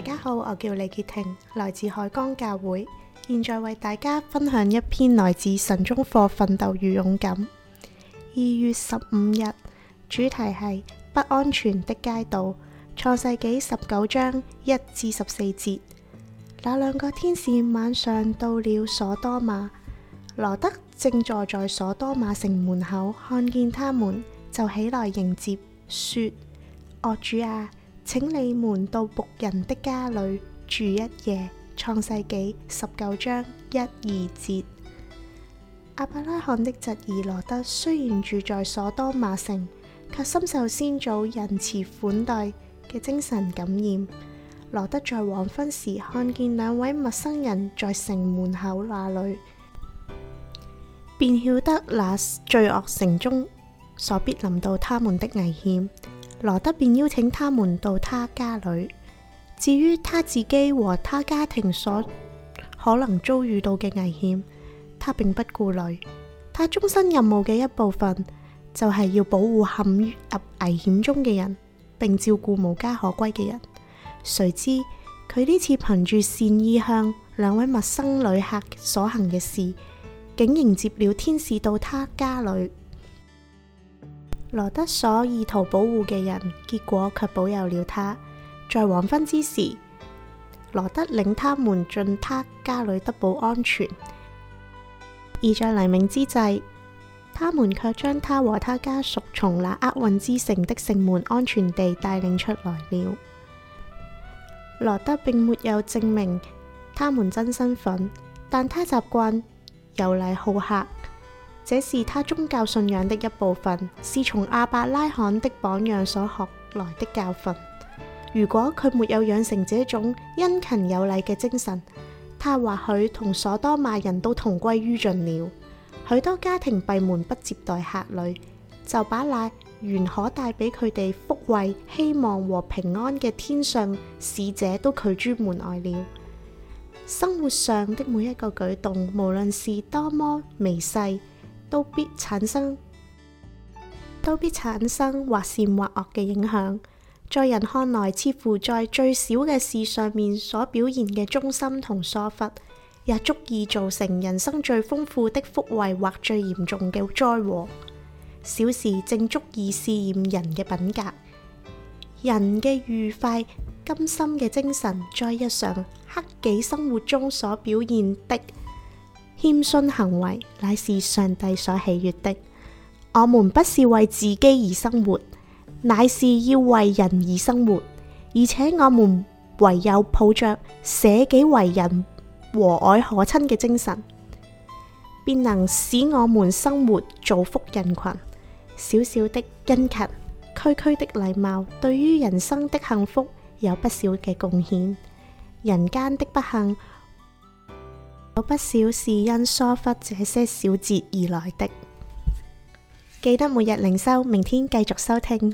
大家好，我叫李潔婷，來自海港教會，現在為大家分享一篇來自神中課《奮鬥與勇敢》。二月十五日，主題係不安全的街道。創世紀十九章一至十四節，那兩個天使晚上到了所多瑪，羅得正坐在所多瑪城門口，看見他們就起來迎接，說：惡主啊！請你們到僕人的家裏住一夜。創世紀十九章一二節。阿伯拉罕的侄兒羅德雖然住在索多瑪城，卻深受先祖仁慈款待嘅精神感染。羅德在黃昏時看見兩位陌生人在城門口那裡，便曉得那罪惡城中所必臨到他們的危險。羅德便邀請他們到他家裏。至於他自己和他家庭所可能遭遇到嘅危險，他並不顧慮。他終身任務嘅一部分就係要保護陷入危險中嘅人，並照顧無家可歸嘅人。誰知佢呢次憑住善意向兩位陌生旅客所行嘅事，竟迎接了天使到他家裏。羅德所意圖保護嘅人，結果卻保佑了他。在黃昏之時，羅德領他們進他家裏得保安全；而在黎明之際，他們卻將他和他家屬從那厄運之城的城門安全地帶領出來了。羅德並沒有證明他們真身份，但他習慣有禮好客。這是他宗教信仰的一部分，是從亞伯拉罕的榜樣所學來的教訓。如果佢沒有養成這種殷勤有禮嘅精神，他或許同所多瑪人都同歸於盡了。許多家庭閉門不接待客旅，就把那原可帶俾佢哋福惠、希望和平安嘅天上使者都拒諸門外了。生活上的每一個舉動，無論是多麼微細，都必產生，都必產生或善或惡嘅影響。在人看來，似乎在最小嘅事上面所表現嘅忠心同疏忽，也足以造成人生最豐富的福惠或最嚴重嘅災禍。小事正足以試驗人嘅品格。人嘅愉快、甘心嘅精神，在日常克己生活中所表現的。謙遜行為乃是上帝所喜悦的。我們不是為自己而生活，乃是要為人而生活。而且我們唯有抱着捨己為人、和藹可親嘅精神，便能使我們生活造福人群。小小的殷勤、區區的禮貌，對於人生的幸福有不少嘅貢獻。人間的不幸。有不少是因疏忽這些小節而來的。記得每日靈修，明天繼續收聽。